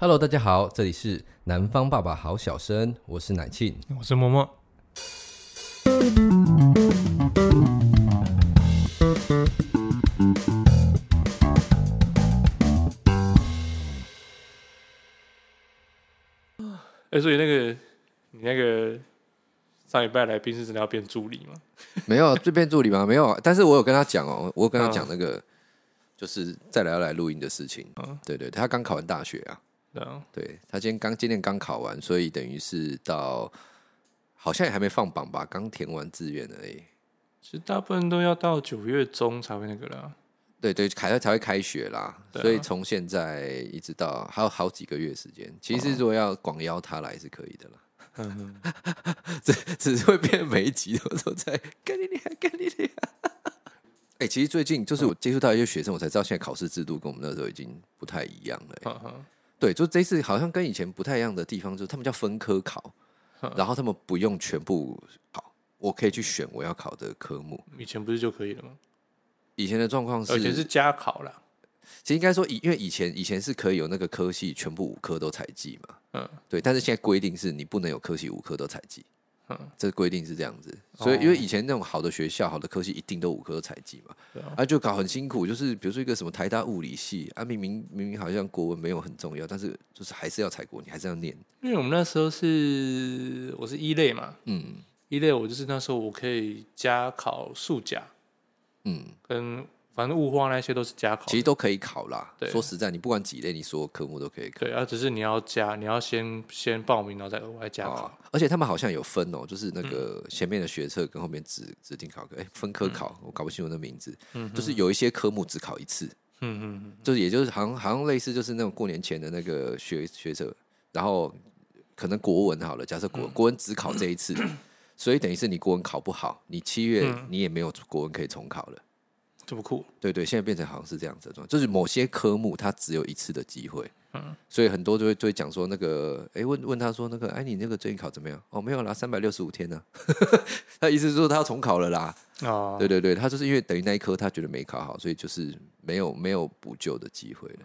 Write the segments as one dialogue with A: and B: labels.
A: Hello，大家好，這裡是南方爸爸濠小聲，我是乃慶，我是
B: 默默。哎、欸，所以那個你那個上禮拜來賓是真的要變助理嗎？
A: 沒有，就變助理嗎？沒有，但是我有跟他講、喔那個、哦，我有跟他講那個就是再來要來錄音的事情。哦、對，對對，他剛考完大學啊。對，他今天剛今天剛考完，所以等於是到好像也還沒放榜吧，剛填完志願而已。其
B: 實大部分都要到九月中才會那個啦。
A: 對對，還要才會開學啦、啊，所以從現在一直到還有好幾個月時間。其實如果要廣邀他來是可以的啦。哦、 只只是會變每一集都都在
B: 跟你聊跟你聊。
A: 哎、 欸，其實最近就是我接觸到一些學生、哦，我才知道現在考試制度跟我們那時候已經不太一樣了。 對，就這次好像跟以前不太一樣的地方就是，他們叫分科考、嗯，然後他們不用全部考，我可以去選我要考的科目。
B: 以前不是就可以了嗎？以前的狀況是，而且是加考了。
A: 其實應該說，以因為以前以前是可以有那個科系全部五科都採計嘛，嗯，對，但是現在規定是你不能有科系五科都採計。嗯，這規定是這樣子，所以因為以前那種好的學校、好的科系，一定都五科都採計嘛，哦、啊，就搞很辛苦。就是比如說一個什麼台大物理系，啊，明明明明好像國文沒有很重要，但是就是還是要採國，你還是要念。
B: 因為我們那時候是我是一類嘛，嗯，一類我就是那時候我可以加考數甲，嗯，跟。反正物化那些都是加考，其實都可以考啦。對，說實
A: 在，你不管幾類，你所有科
B: 目都可以考。對，啊，只是你要加，你要先先報名，然後再額外加考，
A: 哦。而且他們好像有分哦，就是那個前面的學測跟後面指，嗯、指定考科，哎，欸，分科考，嗯，我搞不清楚那名字。嗯，就是有一些科目只考一次。
B: 嗯
A: 嗯，就是，也就是好像好像類似，就是那種過年前的那個學學測，然後可能國文好了，假設國文，嗯、國文只考這一次，嗯、所以等於是你國文考不好，你七月，嗯、你也沒有國文可以重考了。這麼酷，對對，現在變成好像是這樣子的狀態，就是某些科目它只有一次的機會，嗯，所以很多就會就會講說那個，哎，問問他說那個，哎，你那個最近考怎麼樣？哦，沒有拿三百六十五天呢、啊， 他意思是說他要重考了啦，
B: 哦、啊，對
A: 對對，他就是因為等於那一科他覺得沒考好，所以就是沒有沒有補救的機會了。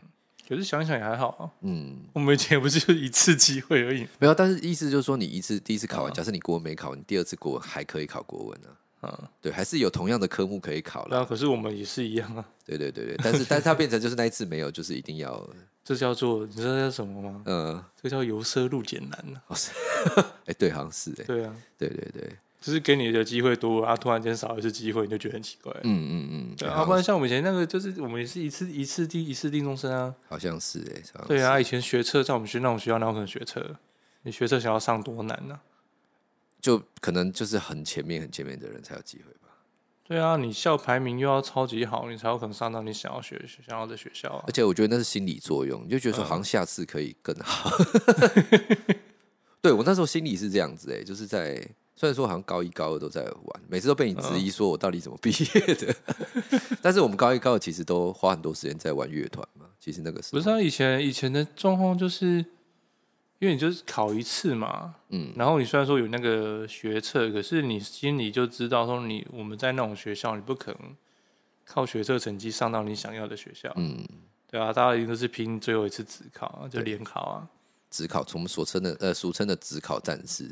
B: 可是想想也還好，啊。嗯，我們以前也不是就一次機會而已、嗯，
A: 沒有，但是意思就是說你一次第一次考完，假設你國文沒考你第二次國文還可以考國文呢、啊。嗯，對，還是有同樣的科目可以考了。那、啊、可是
B: 我們也是一樣啊。
A: 對對對對，但是 但是它變成就是那一次沒有，就是一定要。
B: 這叫做你知道這叫什麼嗎？嗯，這叫由奢入儉難呢、啊。哦是，哎、欸、對、啊，好像是哎、啊。對啊，對對對，就是給你的機會多啊，突然間少一次機會，你就覺得很奇怪。嗯嗯嗯。對啊，嗯啊，不然像我們以前那個，就是我們也是一次一次定，一次定終身啊。
A: 好像是哎。對啊，
B: 以前學車在我們學那種學校，那我可能學車，你學車想要上多難呢、啊？
A: 就可能就是很前面很前面的人才有機會吧。
B: 對啊，你校排名又要超級好，你才有可能上到你想要學想要的學校，啊、而且
A: 我覺得那是心理作用，你就覺得說好像下次可以更好。 對我那時候心理是這樣子哎、欸，就是在雖然說好像高一高二都在玩，每次都被你質疑說我到底怎麼畢業的， 但是我們高一高二其實都花很多時間在玩樂團嘛。其實那個時候不
B: 是他，啊、以前以前的狀況就是。因為你就是考一次嘛，嗯，然後你雖然說有那個學測，嗯，可是你心裡就知道說你我們在那種學校，你不可能靠學測成績上到你想要的學校，嗯，對啊，大家一定都是拼最後一次指考，就聯考啊，
A: 指考、啊、考，我們、呃、俗稱的呃俗稱的指考戰士。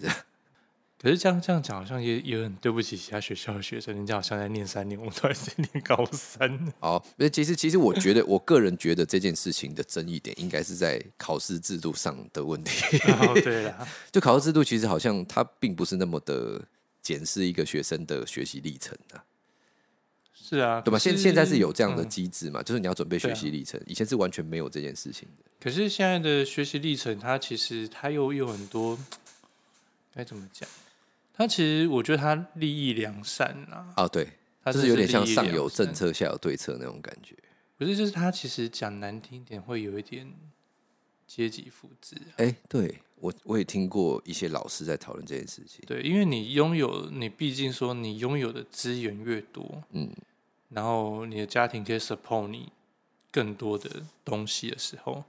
B: 可是這樣這樣講，好像也也很對不起其他學校的學生，人家好像在念三年，我們都還在念
A: 高三。好，那其實其實我覺得， 我個人覺得這件事情的爭議點，應該是在考試制度上的問題。Oh, 對啊， 就考試制度，其實好像它並不是那麼的檢視一個學生的學習歷程啊。
B: 是啊，對吧？現現在是有這樣的
A: 機制嘛、嗯？就是你要準備學習歷程、啊，以前是完全沒有這件事情的。
B: 可是現在的學習歷程，它其實它又有很多，該怎麼講？他其實，我覺得他立意良善啊。啊，對，他是有點像上有政
A: 策，下有對策那種感覺。
B: 不是，就是他其實講難聽點，會有一點階級複製。哎，
A: 對，我我也聽過一些老師在討論這件事
B: 情。對，因為你擁有，你畢竟說你擁有的資源越多，嗯，然後你的家庭可以 support 你更多的東西的時候。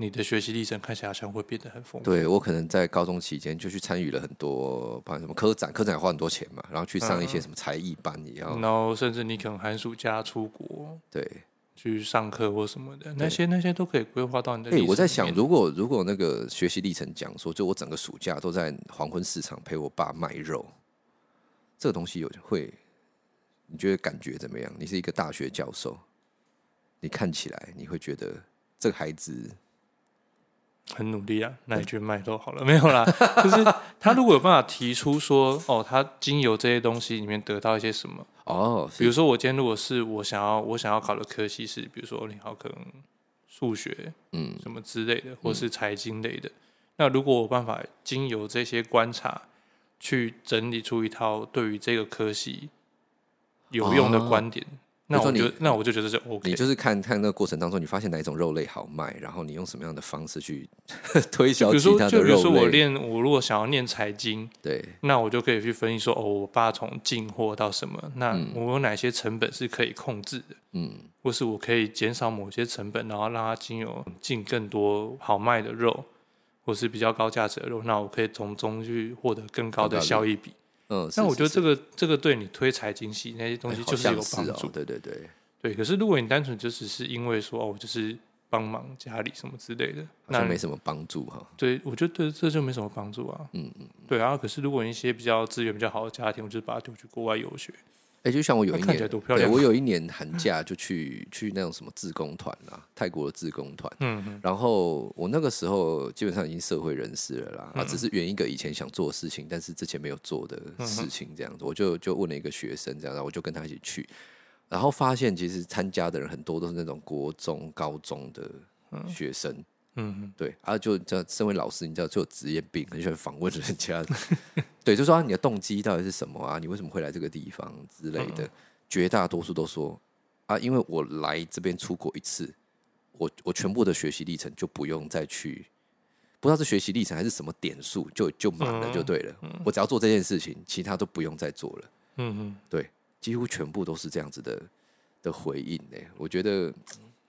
B: 你的學習歷程看起來好像會變得很豐富。對，
A: 我可能在高中期間就去參與了很多，不管什麼科展，科展花很多錢嘛，然後去上一些什麼才藝班，也、啊、要。然
B: 後甚至你可能寒暑假出國，對，去上課或什麼的，那些那些都可以規劃到你的裡。對、欸，我在想，
A: 如果如果那個學習歷程講說，就我整個暑假都在黃昏市場陪我爸賣肉，這個東西有會，你覺得感覺怎麼樣？你是一個大學教授，你看起來你會覺得這個孩子？
B: 很努力啊，那你去賣都好了， 沒有啦。就是他如果有辦法提出說，哦，他經由這些東西裡面得到一些什麼哦，oh, 比如說我今天如果是我想要我想要考的科系是，比如說你好可能數學嗯什麼之類的，嗯、或是財經類的，嗯、那如果有辦法經由這些觀察去整理出一套對於這個科系有用的觀點。Oh. 那我就那我就覺得這是 OK。你就是
A: 看看那個過程當中，你發現哪一種肉類好賣，然後你用什麼樣的方式去推銷其他的肉類。就比如說，就比如說我
B: 練我如果想要念財經，對，那我就可以去分析說哦，我爸從進貨到什麼，那我有哪些成本是可以控制的？嗯，或是我可以減少某些成本，然後讓他經由進更多好賣的肉，或是比較高價值的肉，那我可以從中去獲得更高的效益比。嗯，那我覺得這個是是是這個對你推財經系那些東西就是有幫助，欸，哦，對對對對。可是如果你單純就只是因為說哦，我就是幫忙家裡什麼之類的，那沒什麼幫助哈、啊。對，我覺得這就沒什麼幫助啊。嗯嗯，對啊。然後可是如果一些比較資源比較好的家庭，我就把他丟去國外遊學。哎、
A: 欸，就像我有一年對，我有一年寒假就去 去那種什麼志工團啦，泰國的志工團、嗯。然後我那個時候基本上已經社會人士了啦，嗯、啊，只是圓一個以前想做的事情，但是之前沒有做的事情，這樣子，嗯、我就就問了一個學生這樣，然後我就跟他一起去，然後發現其實參加的人很多都是那種國中、高中的學生。嗯嗯、對，啊，就叫身為老師，你知道就有職業病，很喜歡訪問人家， 對，就說、啊、你的動機到底是什麼啊？你為什麼會來這個地方之類的？嗯、絕大多數都說啊，因為我來這邊出國一次，我我全部的學習歷程就不用再去，不知道是學習歷程還是什麼點數，就就滿了就對了、嗯。我只要做這件事情，其他都不用再做了。嗯嗯，對，幾乎全部都是這樣子的的回應嘞、欸。我覺得。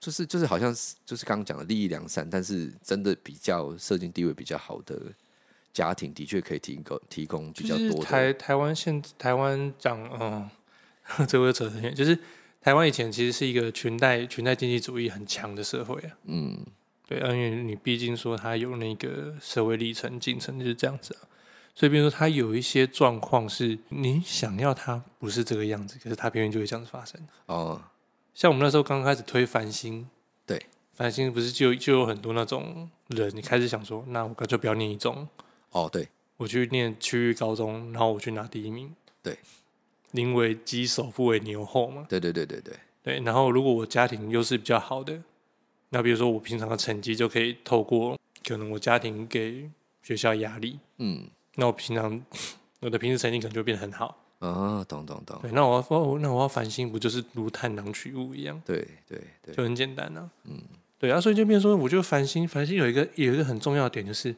A: 就是就是，就是、好像是就是剛剛講的利益良善，但是真的比較社經地位比較好的家庭，的確可以提供提供比較多的。就是、
B: 台台灣現台灣講嗯，這位、個、又扯很遠就是台灣以前其實是一個裙帶裙帶經濟主義很強的社會啊。嗯，對，而因為你畢竟說它有那個社會歷程進程就是這樣子、啊，所以比如說它有一些狀況是你想要它不是這個樣子，可是它偏偏就會這樣子發生哦。嗯像我們那時候剛開始推繁星，對，繁星不是就就有很多那種人，你開始想說，那我乾脆不要念一中，哦，對，我去念區域高中，然後我去拿第一名，對，寧為雞首，不為牛後嘛，對對對對對，對，然後如果我家庭又是比較好的，那比如說我平常的成績就可以透過可能我家庭給學校壓力，嗯，那我平常我的平時成績可能就會變得很好。
A: 啊、oh,，懂懂懂。對，那
B: 我要說，那我要繁星，不就是如探囊取物一樣？對對對，就很簡單啊。嗯，對啊，所以就變說，我覺得繁星，繁星有一個有一個很重要的點，就是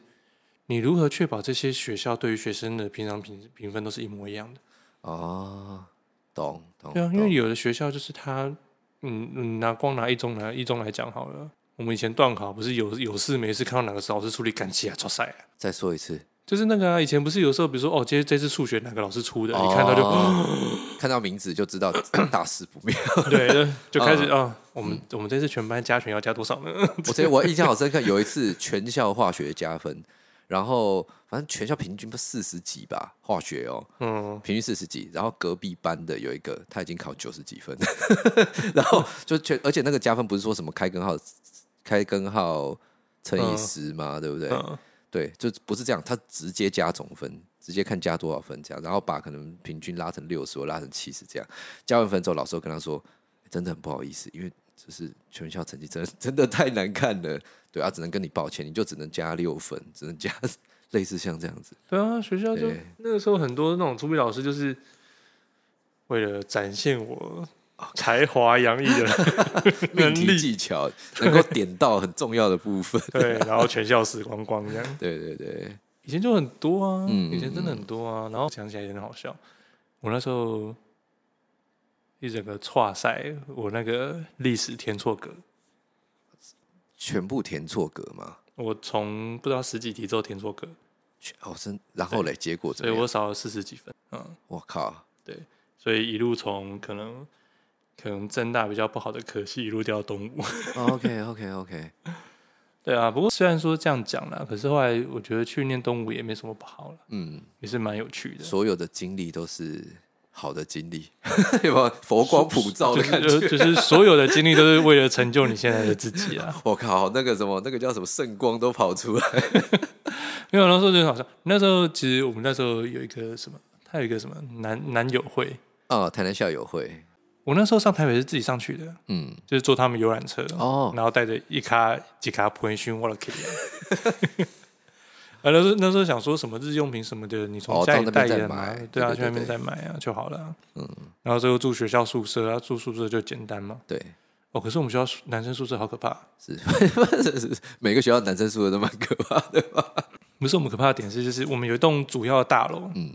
B: 你如何確保這些學校對於學生的平常評評分都是一模一樣的？啊、oh,，懂懂。對啊，因為有的學校就是他，嗯，拿、嗯、光拿一中拿一中來講好了。我們以前段考不是有有事沒事看到哪個老師處理感謝啊、抓塞啊？再說一次。就是那個啊，以前不是有時候，比如說哦，今天這次數學哪個老師出的？哦、你看到就 看到名字就知道 大事不妙。對，就，就開始啊、嗯哦，我們、嗯、我們這次全班加權要加多少呢？我記得我印象好深刻，有一次
A: 全校化學加分，然後反正全校平均不四十幾吧，化學哦，嗯，平均四十幾，然後隔壁班的有一個他已經考九十幾分， 然後就全而且那個加分不是說什麼開根號開根號乘以十嘛、嗯，對不對？嗯對，就不是這樣，他直接加總分，直接看加多少分這樣，然後把可能平均拉成六十或拉成七十這樣。加完分之後，老師跟他說，欸，真的很不好意思，因為就是全校成績，真的，真的太難看了。對啊，只能跟你抱歉，你就只能加六分，只能加類似像這樣子。
B: 對啊，學校就那個時候很多那種作弊老師，就是為了展現我。才華洋溢的人， 命題技巧能夠點到很重要的部分。 對，然後全校死光光這樣。對對對，以前就很多啊，嗯嗯嗯以前真的很多啊。然後講起來也很好笑，我那時候一整個錯賽，我那個歷史填錯格，
A: 全部填錯格嗎？
B: 我從不知道十幾題之後填錯格，
A: 好生、哦，然後來，結果怎麼？所以我
B: 少了四十幾分。嗯，我靠，對，所以一路從可能。可能政大比較不好的，可惜一路掉到東吳。Oh, OK OK OK，對啊。不過雖然說這樣講了，可是後來我覺得去念東吳也沒什麼不好了。嗯，也是蠻有趣的。
A: 所有的經歷都是好的經歷， 對吧？佛光普照的感覺、就是就是就是，就是所有的
B: 經歷都是為了成就你現在的自己啊！我靠，那個什麼，那個叫什麼聖光都跑出來。 沒有那時候很好像那時候，其實我們那時候有一個什麼，他有一個什麼男男友會
A: 哦，oh, 台南校友會。我那時候上台北是自己上
B: 去的，嗯，就是坐他們遊覽車，哦，然後帶着一卡幾卡普洱燻我都可以。啊，那時候那時候想說什麼日用品什麼的，你從家裡、哦、那邊在買，對啊，去外面再買啊就好了，啊，嗯，然後最後住學校宿舍，啊，住宿舍就簡單嘛，對。哦，可是我們學校男生宿舍好可怕，是 每個學校男生宿舍都蠻可怕的，對吧？不是我們可怕的點是，就是我們有一棟主要的大樓，嗯，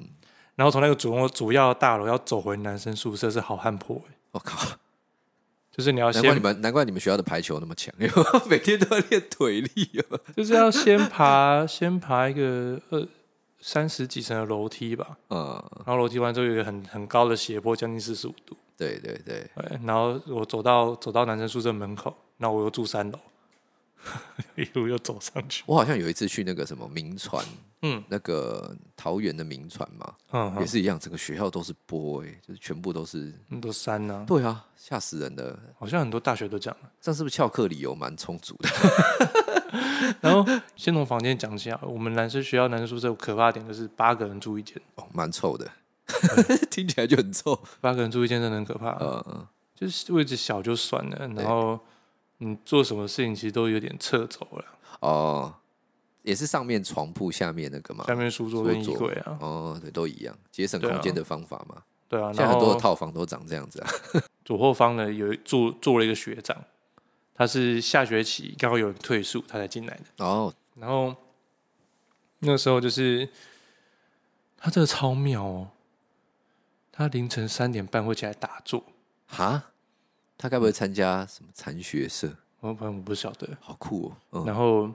B: 然後從那個主主要的大樓要走回男生宿舍是好漢坡，欸。我、哦、靠！就是你要先，難怪你們，
A: 難怪你們學校的排球那麼強，因
B: 為每天都要練腿力、啊。就是要先爬，先爬一個二三十幾層的樓梯吧，嗯，然後樓梯完之後有一個很很高的斜坡，將近四十五度。對對對，對，然後我走到走到男生宿舍門口，那我又住三樓。
A: 一路又走上去，我好像有一次去那個什麼銘傳，嗯，那個桃園的銘傳嘛，嗯，也是一樣，嗯、整個學校都是坡，就是全部都是
B: 很多山呢、啊，對啊，
A: 嚇死人的，
B: 好像很多大學都這樣，這樣是不是翹課理由蠻充足的？ 然後先從房間講起啊，我們男生學校男生宿舍有可怕的點就是八個人住一間，哦，蠻臭的， 聽起來就很臭， 八個人住一間真的很可怕，嗯嗯，就是位置小就算了，然後、欸。你做什麼事情，其實都有點撤走
A: 了哦。
B: 也是上面床
A: 鋪下面那個
B: 嘛，下面書桌、衣櫃啊。
A: 哦，對，都一樣，節省空間的方法嘛。對啊，對啊，現在很多的套房都長這樣子啊。後
B: 左後方呢，有一做做了一個學長，他是下學期剛好有人退宿，他才進來的。哦，然後那時候就是他這個超妙哦，他凌晨三點半會起來打坐。哈？
A: 他該不會參加什麼殘學社？
B: 我朋友不曉得，好酷哦。嗯、然後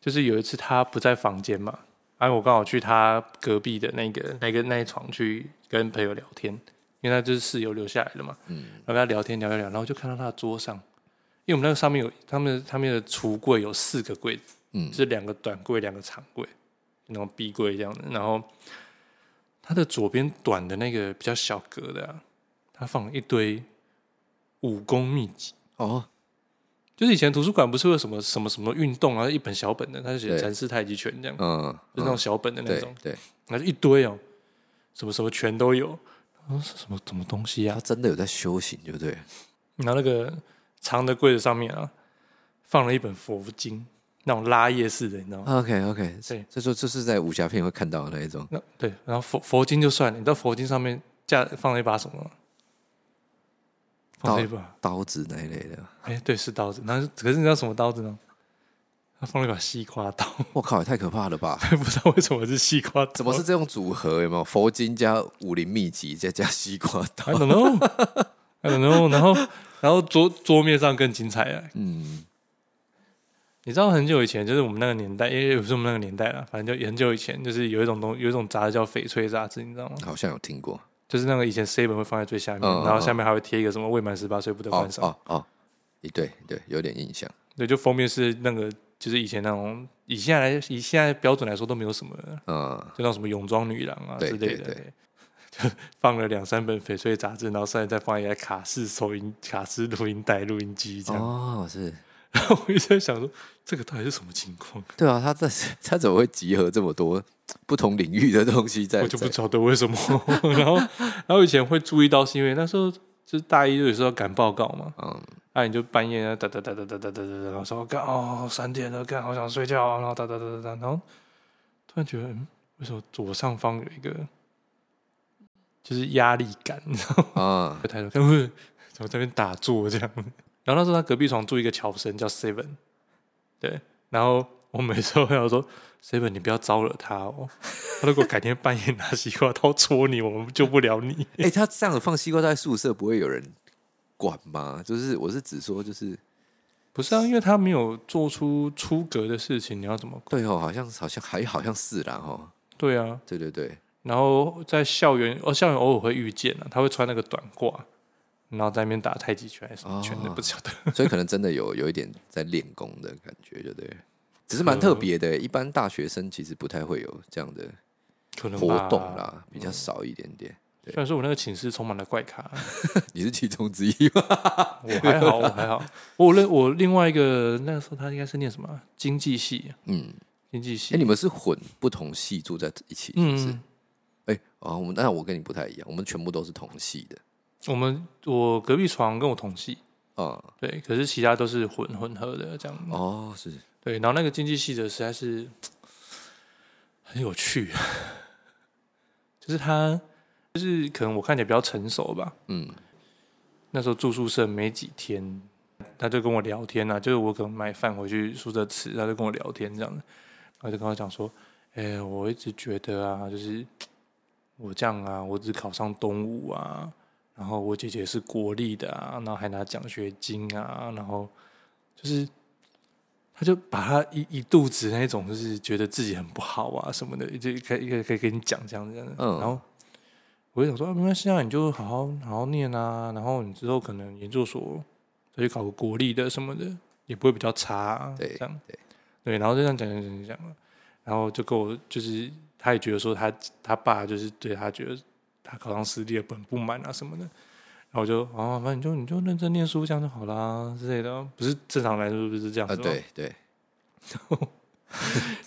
B: 就是有一次他不在房間嘛，然、啊、後我剛好去他隔壁的那個那個那一床去跟朋友聊天，因為他就是室友留下來的嘛。嗯，然後跟他聊天聊一聊，然後就看到他的桌上，因為我們那個上面有他們他們的櫥櫃有四個櫃子，嗯，就是兩個短櫃，兩個長櫃，然後壁櫃這樣的。然後他的左邊短的那個比較小格的，啊，他放了一堆。武功秘籍哦，就是以前圖書館不是有什麼，什麼什麼什麼運動啊，一本小本的，他就寫陳氏太極拳這樣，嗯，就是、那種小本的那種，嗯、對，那就一堆哦、喔，什麼什麼全都有，哦、什麼什麼
A: 東西啊，他真的有在修行，對不對？
B: 然後那個長的櫃子上面啊，放了一本佛經，那種拉頁式的，你知道嗎、啊、？OK OK，對，
A: 這就說這是在武俠片會看到的那一種，那
B: 對，然後佛佛經就算了，你知道佛經上面架放了一把什麼、啊？刀
A: 刀子那一類的，
B: 哎、欸，對，是刀子。然後，可是你知道什麼刀子呢？他放了一把西瓜刀。我靠，也太可怕了吧！不
A: 知道為什麼是西瓜刀，怎麼是這種組合？有沒有佛
B: 經加武林秘籍再加，加西瓜刀？I don't know, 然後， 然後，然後桌桌面上更精彩了、欸。嗯，你知道很久以前就是我們那個年代，因為不是我們那個年代了，反正就很久以前，就是有一種東有一種雜誌叫《翡翠雜誌》，你知道嗎？好像有聽過。就是那個以前 C 本會放在最下面，嗯、然後下面還會貼一個什麼“未滿十八歲不得觀賞”。
A: 哦哦，一、哦、對對，有點印象。
B: 對，就封面是那個，就是以前那種以現在來以現在標準來說都沒有什麼，嗯，就那種什麼泳裝女郎啊對之類的。就放了兩三本翡翠雜誌，然後上面再放一個卡式收音卡式錄音帶錄音機這樣。哦，是。然 後我一直在想說，這個到底是什麼情況？
A: 對啊，他在他怎麼會集合這麼多？不同領域的東西在， 我就不曉得
B: 為什麼。 然後，然後以前會注意到，是因為那時候就是大一，有時候要趕報告嘛。嗯，那你就半夜啊，噠噠噠噠噠噠噠噠，然後說：“我幹哦，三點了，幹好想睡覺、啊。”然後噠噠噠噠噠，然後突然覺得，為什麼左上方有一個就是壓力感，你知道嗎？就抬頭，他不是怎麼在那邊打坐這樣。然後那時候他隔壁床住一個喬森，叫 Seven，對，然後。我每次都想說：“ Seven 你不要招惹他哦。他如果改天半夜拿西瓜刀 戳你，我們救不了你。欸”哎，他這樣子放西瓜在宿舍，不會有人管嗎？就是，我是指說，就是不是啊？因為他沒有做出出，出格的事情，你要怎麼管？對哦，好像好像還好像是啦哈、哦。對啊，對對對。然後在校園，哦，校園偶爾會遇見啊，他會穿那個短褂，然後在那邊打太極拳還是什麼拳的，哦、全不
A: 曉得。所以可能真的有有一點在練功的感覺對，對不對？
B: 只是蠻特別
A: 的，嗯，一般大學生其實不太會有這樣的活動啦，比較少一點點。嗯，
B: 雖然說我那個寢室充滿了怪咖， 你
A: 是其中之一吧？
B: 我還好，我還好。我那我另外一個那個時候，他應該是念什麼經濟系，嗯，經濟系。哎，欸，你們是
A: 混不同系住在一起是是，嗯，是，欸？哎、哦，啊，我們那我跟你不太一樣，我們全部都是同系的。
B: 我們我隔壁床跟我同系啊，嗯，對，可是其他都是混混合的這樣的。哦，是，是。對，然後那個經濟系的實在是很有趣， 就是他就是可能我看起來比較成熟吧，嗯，那時候住宿舍沒幾天，他就跟我聊天啊，就是我可能買飯回去宿舍吃，他就跟我聊天這樣的，他就跟我講說，哎、欸，我一直覺得啊，就是我這樣啊，我只考上東吳啊，然後我姐姐是國立的啊，然後還拿獎學金啊，然後就是。嗯他就把他一一肚子那種就是覺得自己很不好啊什麼的，一直可可可可以跟你講這樣子的、嗯。然後我就想說，啊、沒關係啊，你就好好好好念啊，然後你之後可能研究所可以考個國立的什麼的，也不會比較差，啊。對，這樣對，對，然後就這樣講講講講然後就跟我就是，他也覺得說他他爸就是對他覺得他考上私立的本不滿啊什麼的。我就啊，反正就你就認真念書，這樣就好啦之類的、啊，不是正常來說不是這樣啊？對對然後。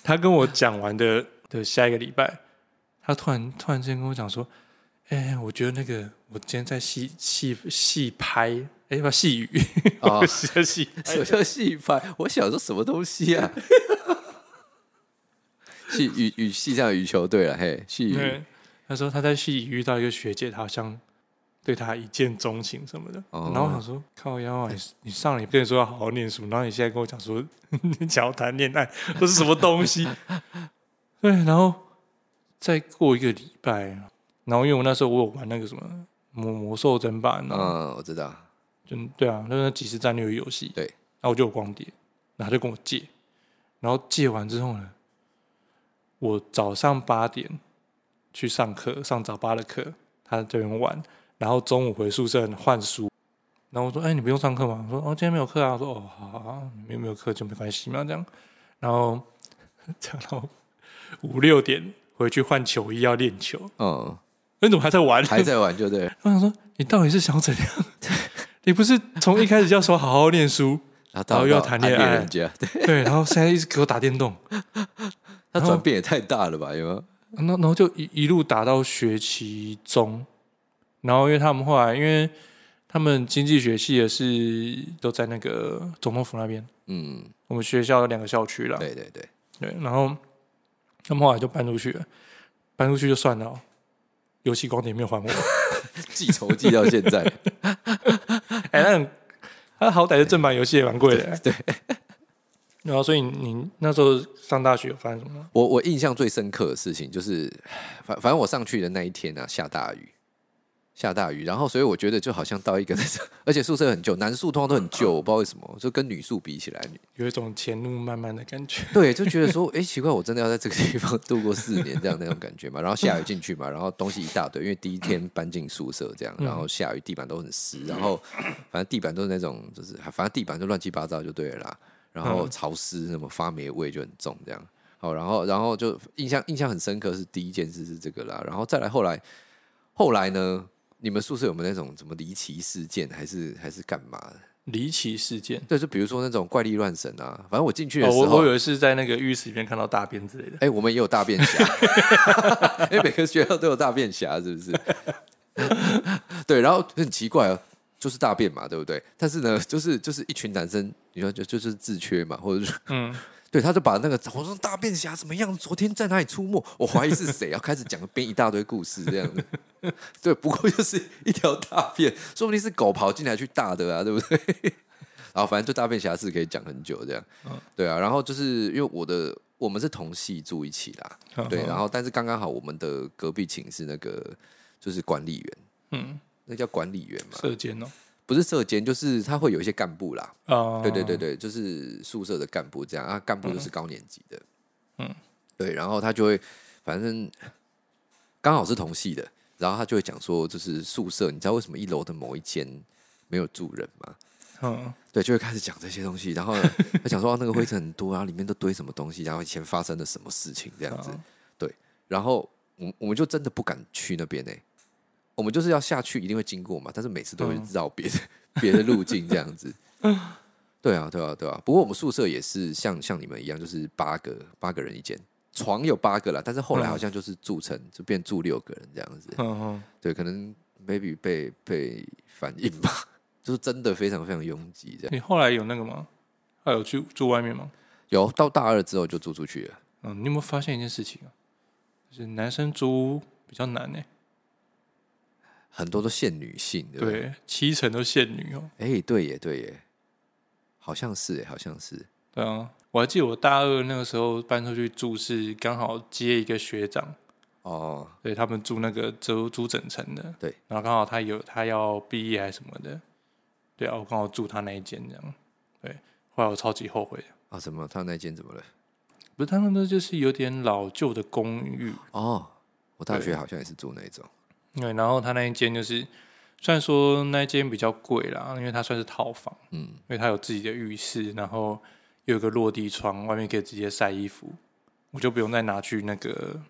B: 他跟我講完的的下一個禮拜，他突然突然之間跟我講說：“哎，我覺得那個我今天在戲戲戲拍，哎，叫細雨啊，什麼叫戲？什麼叫戲拍？ 我想說什麼東西啊？ 細
A: 雨雨戲叫羽球對了嘿，細雨。嗯、
B: 他說他在戲裡遇到一個學姐，他好像。”對他一見鍾情什麼的，嗯、然後我想說，靠腰啊！你，你上你跟你說要好好念書，然後你現在跟我講說呵呵你想要談戀愛，這是什麼東西？ 對，然後再過一個禮拜，然後因為我那時候我有玩那個什麼魔魔獸爭霸然後，嗯，我知道，嗯，對啊，就是，那是即時戰略遊戲，對，然後我就有光碟，然後他就跟我借，然後借完之後呢，我早上八點去上課，上早八的課，他在那邊玩。然後中午回宿舍換書，然後我說：“哎，你不用上課嗎？”我說：“哦，今天沒有課啊。”我說：“哦，好好好，沒有課就沒關係嘛，那這樣，然後，然後五六點回去換球衣要練球，嗯、哦，你怎麼還在玩？還在玩就對。我想說，你到底是想怎樣？對你不是從一開始要說好好念書， 然後又要談戀愛，對 然後現在一直給我打電動，那轉變也太大了吧？有沒有？然後就一一路打到學期中。”然後，因為他們後來，因為他們經濟學系也是都在那個總統府那邊。嗯，我們學校兩個校區了。對對對，對。然後，他們後來就搬出去了，搬出去就算了、哦。遊戲光碟沒有還我， 記仇記到現在、 欸。哎，那他好歹是正版遊戲，也蠻貴的、欸。對，對。然後，所以你，你那時候上大學，有發生什
A: 麼？我我印象最深刻的事情就是，反反正我上去的那一天呢、啊，下大雨。下大雨，然後所以我覺得就好像到一個那種，而且宿舍很舊，男宿通常都很舊，我不知道為什麼，就跟女宿比起來，
B: 有一種前路漫漫的感覺。對，就覺得
A: 說，哎，奇怪，我真的要在這個地方度過四年，這樣 那種感覺嘛。然後下雨進去嘛，然後東西一大堆，因為第一天搬進宿舍這樣，然後下雨地板都很濕，然後反正地板都是那種，就是反正地板都亂七八糟就對了啦，然後潮濕，什麼發霉味就很重，這樣。好，然後然後就印象印象很深刻是第一件事是這個啦，然後再來後來後來呢？你們宿舍有沒有那種什麼離奇事件，還是還是幹嘛？離奇事件，對，就比如說那種怪力亂神啊。反正我進去的時候、哦我，我以為
B: 是在那個浴室裡面看到大便之類的。哎、欸，我們也有大便俠，因、 欸、每個學校都有大便
A: 俠，是不是？ 對，然後很奇怪、哦，就是大便嘛，對不對？但是呢，就是就是一群男生，你說就就是自缺嘛，或者是嗯。對，他就把那個，我說大便俠怎麼樣？昨天在哪裡出沒？我懷疑是誰？要 開始講，編一大堆故事這樣子。 對，不過就是一條大便，說不定是狗跑進來去大的啊，對不對？然 後反正就大便俠是可以講很久這樣、哦。對啊。然後就是因為我的我們是同系住一起啦，哦、對。然後但是剛剛好我們的隔壁寢室那個就是管理員，嗯，那叫管理員嘛，舍監哦。不是舍監，就是他會有一些幹部啦。對、oh. 對對對，就是宿舍的幹部這樣啊。幹部都是高年級的，嗯、mm.，對。然後他就會，反正剛好是同系的，然後他就會講說，就是宿舍，你知道為什麼一樓的某一間沒有住人嗎？嗯、
B: oh.，
A: 對，就會開始講這些東西。然後他講說，那個灰塵很多、啊，然後 裡面都堆什麼東西，然後以前發生了什麼事情這樣子。Oh. 對，然後我我們就真的不敢去那邊呢、欸。我們就是要下去，一定會經過嘛。但是每次都會繞別的別、嗯、 的路徑這樣子。對、啊。對啊，對啊，對啊。不過我們宿舍也是像像你們一樣，就是八個八個人一間床有八個了，但是後來好像就是住成、嗯、就變住六個人這樣子。嗯嗯嗯、對，可能 maybe 被被反映吧，就是真的非常非常擁擠這樣。你
B: 後來有那個嗎？還、啊、有住住外面嗎？
A: 有，到大二之後就住出去了。
B: 嗯，你有沒有發現一件事情啊？就是男生租比較難呢、欸。
A: 很多都限女性，的，對，七成都限女哦。哎、欸，對耶，對耶，好像是，好像是。
B: 對啊，我還記得我大二那個時候搬出去住是剛好接一個學長哦，對，他們住那個租租整層的，對，然後剛好他有他要畢業還是什麼的，對啊，我剛好住他那一間這樣，對，後來我超級後悔啊，哦，怎麼他那間怎麼了？不是，他那就是有點老舊的公寓哦，我
A: 大學好像也是住那一
B: 種。對，然後他那一間就是，雖然說那一間比較貴啦，因為它算是套房，嗯，因為它有自己的浴室，然後有個落地窗，外面可以直接曬衣服，我就不用再拿去那個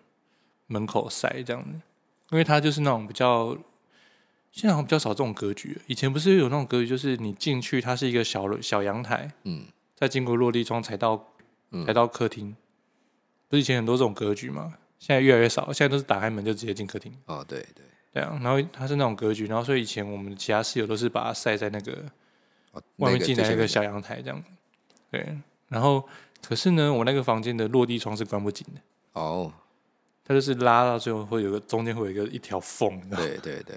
B: 門口曬這樣子，因為它就是那種比較，現在好像比較少這種格局，以前不是有那種格局，就是你進去它是一個小小陽台，嗯，再經過落地窗才到，才到客廳，嗯，不是以前很多這種格局嘛，現在越來越少，現在都是打開門就直接進客廳，哦，對對。對啊，然後它是那種格局，然後所以以前我們其他室友都是把它曬在那個外面進來一個小陽台這樣子。對，然後可是呢，我那個房間的落地窗是關不緊的。哦，它就是拉到最後會有個中間會有一個一條縫。對對對。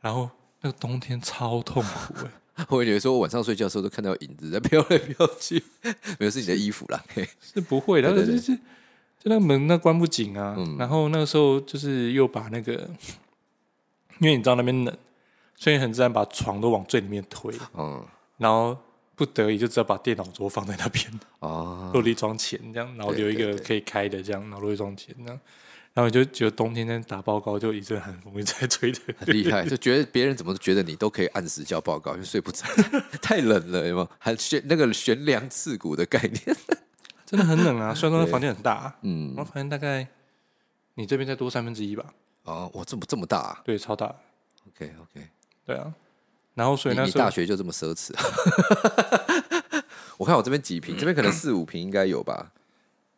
B: 然後那個冬天超痛苦哎、欸！ 我以為
A: 說我晚上睡覺的時候都看到影子在飄來飄去，沒有自己的衣服啦，
B: 是不會的，對對對，就是就那門那關不緊啊、嗯。然後那個時候就是又把那個。因為你知道那邊冷，所以很自然把床都往最裡面推，嗯，然後不得已就只好把電腦桌放在那邊啊、哦，落地窗前這樣，然後留一個可以開的這樣，然後落地窗前，然後就覺得冬天在打報告就一陣寒風一直在吹的很厲害， 就
A: 覺得別人怎麼覺得你都可以按時交報告，就睡不着，太冷了，有沒有？還懸那個懸樑刺股的概念，
B: 真的很冷啊！雖然說那房間很大、啊，嗯，我房間大概你這邊再多三分之一吧。哦，我這麼這麼大、啊，對，超大。OK，OK，、okay, okay、對啊。
A: 然後所以呢，你大學就這麼奢侈、啊？ 我看我這邊幾坪、嗯，這邊可能四五坪應該有吧。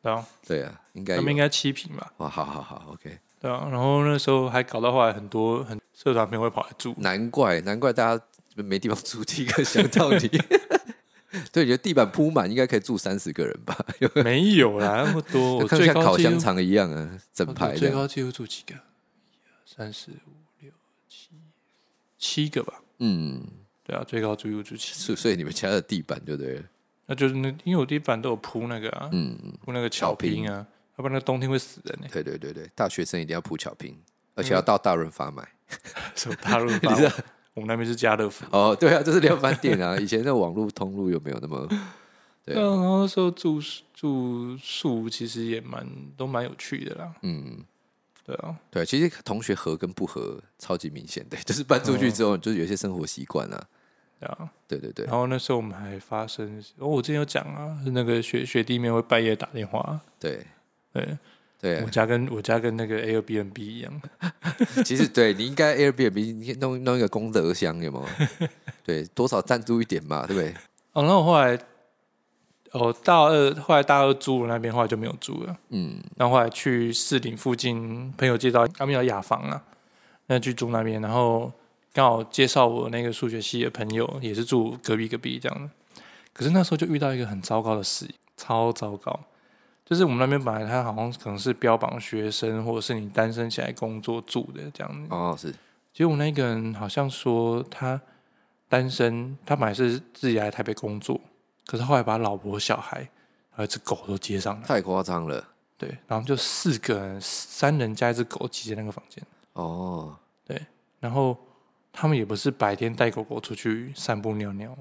A: 對啊，對啊，應該他們應該七坪吧。哇，好好好，OK。
B: 對啊，然後那時候還搞到後來很多很社團朋友會跑來住，難怪難怪大家沒地方住，第一個想
A: 到你 對，覺得地板鋪滿應該可以住三十個人吧？ 沒有啦，那 麼會多， 我看最高笑像烤香腸一樣啊，整排的。最高
B: 紀錄住，住幾個？三十五六七七個吧，嗯，對啊，最高租多就
A: 七，所以你們家的地板對不對？
B: 那就是那因為我地板都有鋪那個、啊，嗯，鋪那個巧拼啊，巧
A: 拼，要不然那冬天會死人、欸。對對對對，大學生一定要鋪巧拼，而且要到大潤發買。嗯、
B: 什麼大潤發？ 我們那邊是家樂福。哦，對啊，這、就是量販店
A: 啊。 以前在網絡通路有沒有那麼？對啊，
B: 然後說住住宿其實也蠻都蠻有趣的啦，嗯。.
A: 對啊，對，其實同學合跟不合超級明顯。對，就是搬出去之後，就是有些生活習慣啊，對啊，對對
B: 對。然後那時候我們還發生，哦，我之前有講啊，是那個學學弟妹會半夜打電話，對，對，對啊，我家跟我家跟那個 Airbnb 一樣，
A: 其實對，你應該 Airbnb，你可以弄弄，弄一個功德箱有沒有？對，多少贊助一點嘛，對不對？
B: 哦，那我後來。哦，大二後來大二租了那邊，後來就沒有租了。嗯，然後後來去士林附近朋友介紹，他們要雅房啊，那去租那邊，然後剛好介紹我那個數學系的朋友，也是住隔壁隔壁這樣的。可是那時候就遇到一個很糟糕的事，超糟糕，就是我們那邊本來他好像可能是標榜學生，或者是你單身起來工作住的這樣子。哦，是。其實我們那個人好像說他單身，他本來是自己來台北工作。可是後來把老婆、小孩、還有隻狗都接上了，太誇張了。對，然後就四個人，三人加一只狗擠在那個房間。哦，對，然後他們也不是白天帶狗狗出去散步尿尿，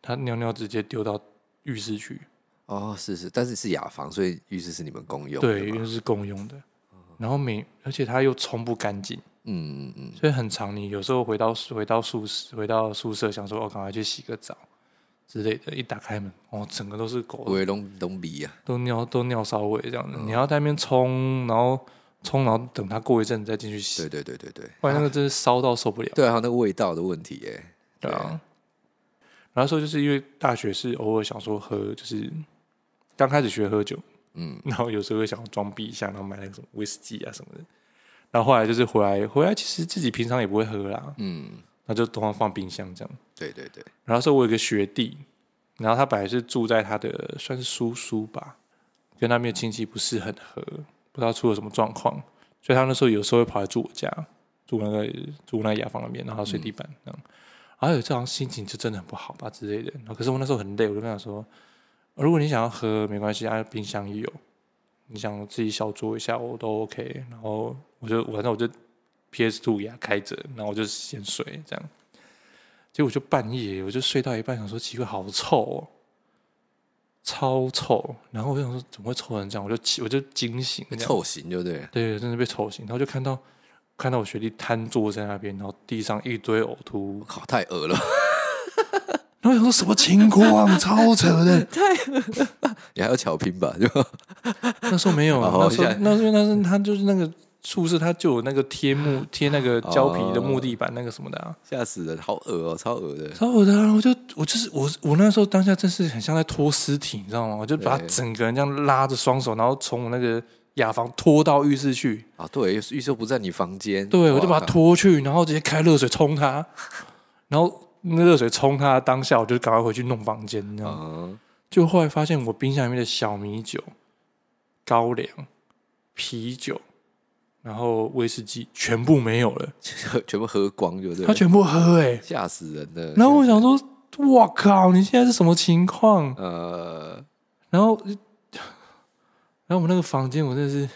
B: 他尿尿直接丟到浴室去。
A: 哦，是是，但是是雅房，所以浴室是你們共用的，對，
B: 浴室是共用的。然後每而且他又沖不乾淨，嗯嗯，所以很常。你有時候回到回到宿舍回到宿舍，宿舍想說，我、哦、趕快去洗個澡。之類的，一打開門哦，整個都是狗的，尾龍鼻啊，都尿都尿騷味這樣子。嗯、你要在那邊沖，然後沖，然後等它過一陣再進去洗。對對對對對，後來那個真是燒到受不了、啊。對啊，那味道的問題耶。對啊，然後說就是因為大學是偶爾想說喝，就是剛開始學喝酒，嗯，然後有時候會想裝逼一下，然後買那個什麼威士忌啊什麼的。然後後來就是回來回來，其實自己平常也不會喝啦，嗯。那就通常放冰箱這樣。
A: 對對對。
B: 然後是我有個學弟，然後他本來是住在他的算是叔叔吧，跟那邊親戚不是很合，合，不知道出了什麼狀況，所以他那時候有時候會跑來住我家，住那個住那雅房那邊，然後睡地板這樣、嗯、然後有這樣心情就真的很不好吧之類的。然後可是我那時候很累，我就跟他說，如果你想要喝沒關係，啊冰箱也有，你想自己小酌一下我都 OK。然後我就反正我就。PS2 也開着，然後我就先睡，這樣。結果我就半夜，我就睡到一半，想說奇怪，好臭哦，超臭！然後我就想說，怎麼會臭成這樣？我就我就驚醒，臭醒，對不對？對，真的被臭醒。然後就看到看到我學弟癱坐在那邊，然後地上一堆嘔吐，我靠，太惡了。 然後想說什麼情況？超扯的，太惡。 你還要
A: 巧拼吧？就
B: 那時候沒有那時候那，那時候他就是那個。宿舍他就有那個貼木貼那個膠皮的木地板那個什麼的啊，嚇死了，好惡哦，超惡的，超惡的！然後我就我就是我我那時候當下真是很像在拖屍體，你知道嗎？我就把他整個人這樣拉着雙手，然後從我那個雅房拖到浴室去啊。對，浴室不在你房間，對我就把他拖去，然後直接開熱水沖他，然後那熱水沖他，當下我就趕快回去弄房間，你知道嗎？就後來發現我冰箱裡面的小米酒、高粱、啤酒。然後威士忌全部沒有了，全部喝光就，就是他全部喝、欸，哎，嚇死人了。然後我想說， 哇靠，你現在是什麼情況？呃，然後，然後我們那個房間，我真的是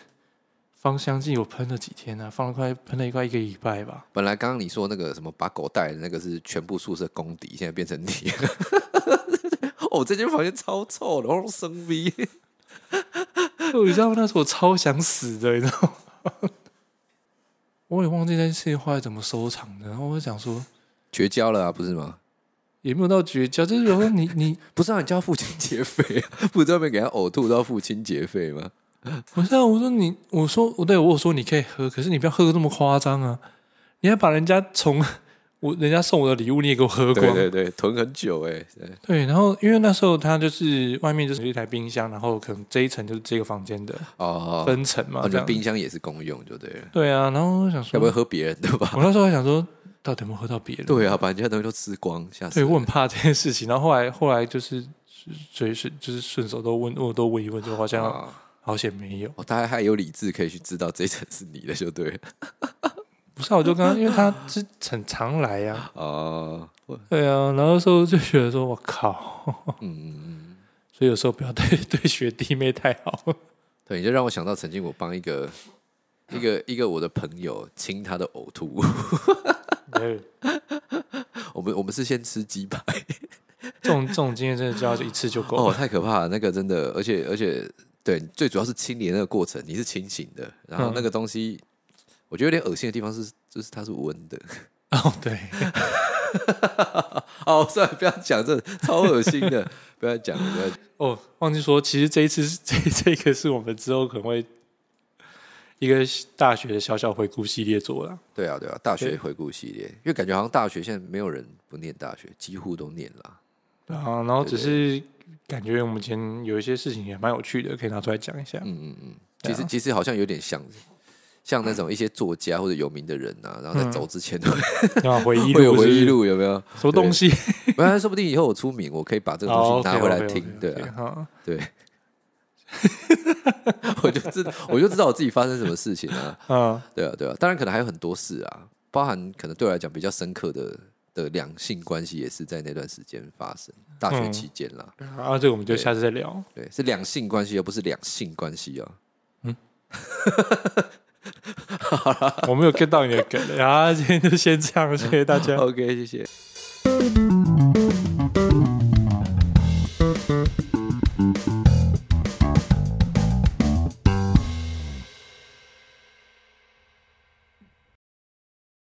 B: 芳香劑，我噴了幾天呢、啊？放了快噴了一塊一個禮拜吧。
A: 本來剛剛你說那個什麼把狗帶的那個是全部宿舍公敵，現在變成你
B: 了。
A: 哦，這間房間超臭的，我生病。
B: 我知道那時候我超想死的，你知道。 我也忘記這件事情後來怎麼收場的，然後我就想說，
A: 絕交了啊，不是嗎？
B: 也沒有到
A: 絕交，就是有時候你你 不是讓、啊、你交父親節費，不知道被給他嘔吐到父親節
B: 費嗎？ 不是、啊，我說你，我說對我對我我說你可以喝，可是你不要喝的這麼誇張啊！你還把人家從。 我人家送我的禮物你也給我喝過。對對對，囤很久哎、欸。對，然後因為那時候他就是外面就是一台冰箱，然後可能這一層就是這個房間的
A: 哦，分層嘛這，這、哦哦哦、冰
B: 箱也是公用，就對。對啊，然後我想說，要不要喝別人的吧？我那時候還想說，到底有沒有喝到別人？對啊，
A: 把人家東西都吃光，想。對，我很
B: 怕這件事情。然後後來後來就是，就是就是順手都問，問我都問一問，就好像好像沒有、哦哦，大
A: 家還有理智可以去知道這一層是你的，就對。
B: 不是、啊，我就剛剛，因為他是很常來呀。
A: 啊，哦、
B: 對呀、啊，然後時候就覺得說我靠，嗯呵呵，所以有時候不要對對學弟妹太好。
A: 對，你就讓我想到曾經我幫一個一個一個我的朋友親他的嘔吐 對。我們我們是先吃雞排 這，
B: 這種這種經驗真的只要一次就夠了。
A: 哦，太可怕了，那個真的，而且而且對，最主要是清理那個過程，你是清醒的，然後那個東西。嗯我覺得有點噁心的地方是，就是它是溫的哦、oh,。對，哦， 算了，不要講這超噁心的，不要講了。
B: 哦，oh, 忘記說，其實這一次這這一個是我們之後可能會一個大學的小小回顧系列做了。
A: 對啊，對啊，大學回顧系列，因為感覺好像大學現在沒有人不念大學，幾乎都念
B: 了。對啊，然後只是對對感覺我們今天有一些事情也蠻有趣的，可以拿出來講一下。嗯嗯
A: 嗯，其實、啊、其實好像有點像。像那種一些作家或者有名的人吶、啊，然後在走之前都會、嗯、 會有回憶錄，有沒有？什麼東西？不然說不定以後我出名，我可以把這個東西拿回來聽。對啊、okay,，okay, okay, okay, okay, okay. 對。我就知，我就知道我自己發生什麼事情啊。啊，對啊，對啊。啊啊、當然，可能還有很多事啊，包含可能對我來講比較深刻的的兩性關係，也是在那段時間發生，大學期間
B: 了。啊，這個我們就下次再聊。
A: 對，對，是兩性關係，又不是兩性
B: 關係啊。嗯。 好啦，我沒有 get 到你的梗，然後今天就先這樣， 謝謝大家。OK，謝謝。